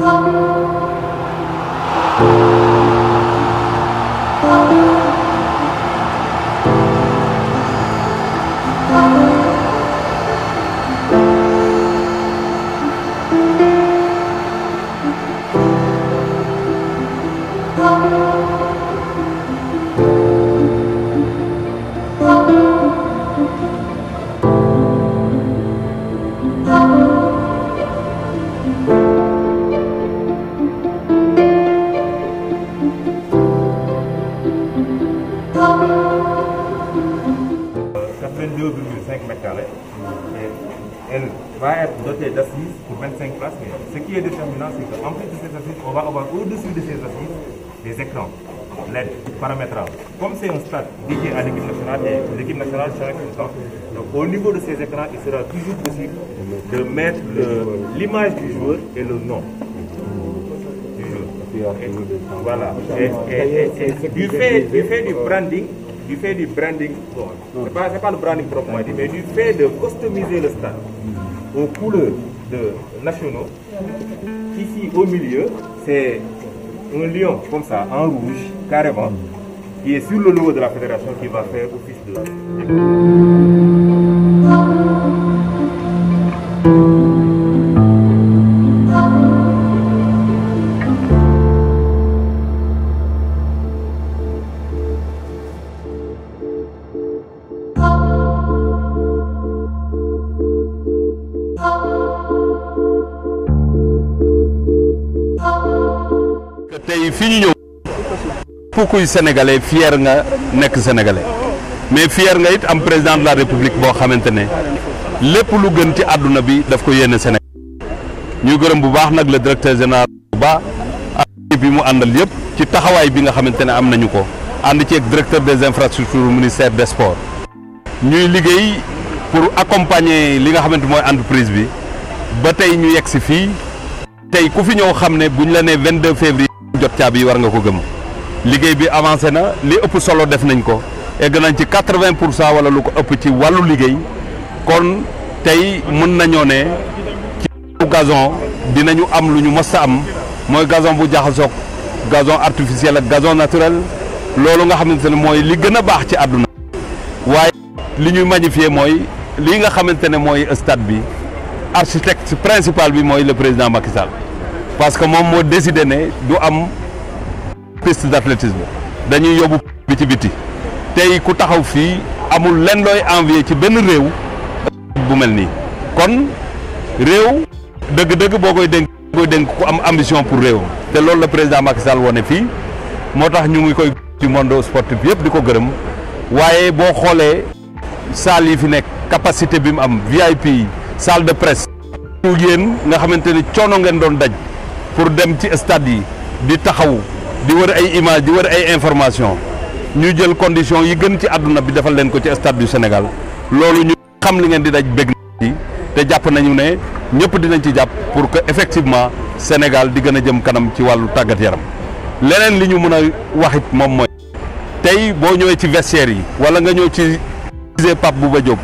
Oh. être doté d'assises pour 25 places, mais ce qui est déterminant, c'est qu'en plus de ces assises, on va avoir au-dessus de ces assises des écrans, LED, paramétrables. Comme c'est un stade dédié à l'équipe nationale l'équipe nationale chaque donc au niveau de ces écrans, il sera toujours possible de mettre l'image du joueur et le nom. Et, voilà. Et, du, fait, du, du branding, du fait du branding, c'est pas, pas, le branding proprement dit, mais du fait de customiser le stade couleurs de nationaux. Ici, au milieu, c'est un lion comme ça, en rouge, carrément, qui est sur le logo de la fédération qui va faire office de... tey fi sénégalais fier nga nekk sénégalais mais fier nga it am président de la république boo xamante ne lépp lu gën ci àdduna bi daf ko yéene Sénégal ñuy gërëm bu baax nag le directeur général ba ak bi mu àndal yëpp ci taxawaay bi nga xamante ne am nañu ko ànd ci ak directeur des infrastructures ministère des sports ñuy liggéey pour accompagner li nga xamante mooy entreprise bi ba tey ñu yegg si fii tey ku fi ñëw xam ne la nee 22 février jot caabi yi war nga ko gëm liggéey bi avancé na li ëpp solo def nañ ko egg nañ ci quatre-vingt pour cent wala lu ko ëpp ci wàllu liggéey kon tey mën nañoo ne ci gazon dinañu am lu ñu mës am mooy gazon bu jaxasoog gazon artificiel ak gazon naturel loolu nga xamante ne mooy li gën a baax ci àdduna waaye li ñuy magnifier mooy lii nga xamante ne mooy stade bi architecte principal bi mooy le président Macky parce que moom moo décidé ne du am piste d'athlétisme dañuy yóbbu bi ci biti tey ku taxaw fii amul lenn dooy envier ci benn réew bu mel nii kon réew dëgg-dëgg boo koy dénk koy dénk ku am ambition pour réew te loolu la président Macky Sall wone fii moo tax ñu ngi koy ci monde sportif yëpp di ko gërëm waaye boo xoolee salle yi fi nekk capacité bi mu am VIP salle de presse ñu yéen nga xamante ni coono ngeen doon daj pour dem ci stade yi di taxaw di wër ay image di wër ay information ñu jël condition yi gën ci aduna bi defal leen ko ci stade du Sénégal lolu ñu xam li ngeen di daj bëgg ci té japp nañu né ñëpp dinañ ci japp pour que effectivement Sénégal di gëna jëm kanam ci walu tagat yaram leneen li ñu mëna waxit mom moy tay bo ñëwee ci vestiaire yi wala nga ñëw ci pap bu ba job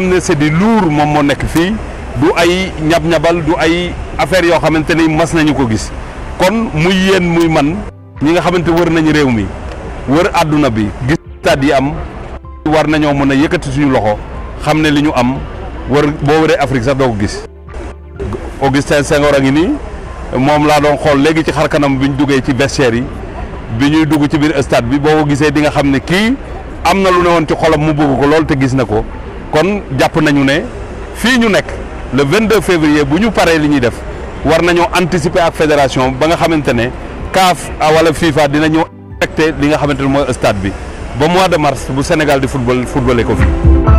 ne c'est du lourd mom mo nekk fi du ay ñab ñabal du ay affaire yo xamanteni mas nañu ko gis kon muy yeen muy man ñi nga xamanteni wër nañu rew mi wër aduna bi gis stade yi am war nañu mëna yëkëti suñu loxo xamne liñu am wër bo wëree Afrique sax do ko gis Augustin Senghor ak ni mom la doon xol léegi ci xar kanam bi ñu ci vestiaire yi bi dugg ci bir stade bi bo ko di nga xamné ki amna am lu ne ci xolam mu bëgg ko lol te gis nako kon japp nañu né fii ñu le 22 février nous parlons de li ñuy def war nañoo anticiper la fédération ba nga que CAF CAF wala FIFA dina affecté li nga xamante au stade mois de mars le Sénégal du football football ko fi.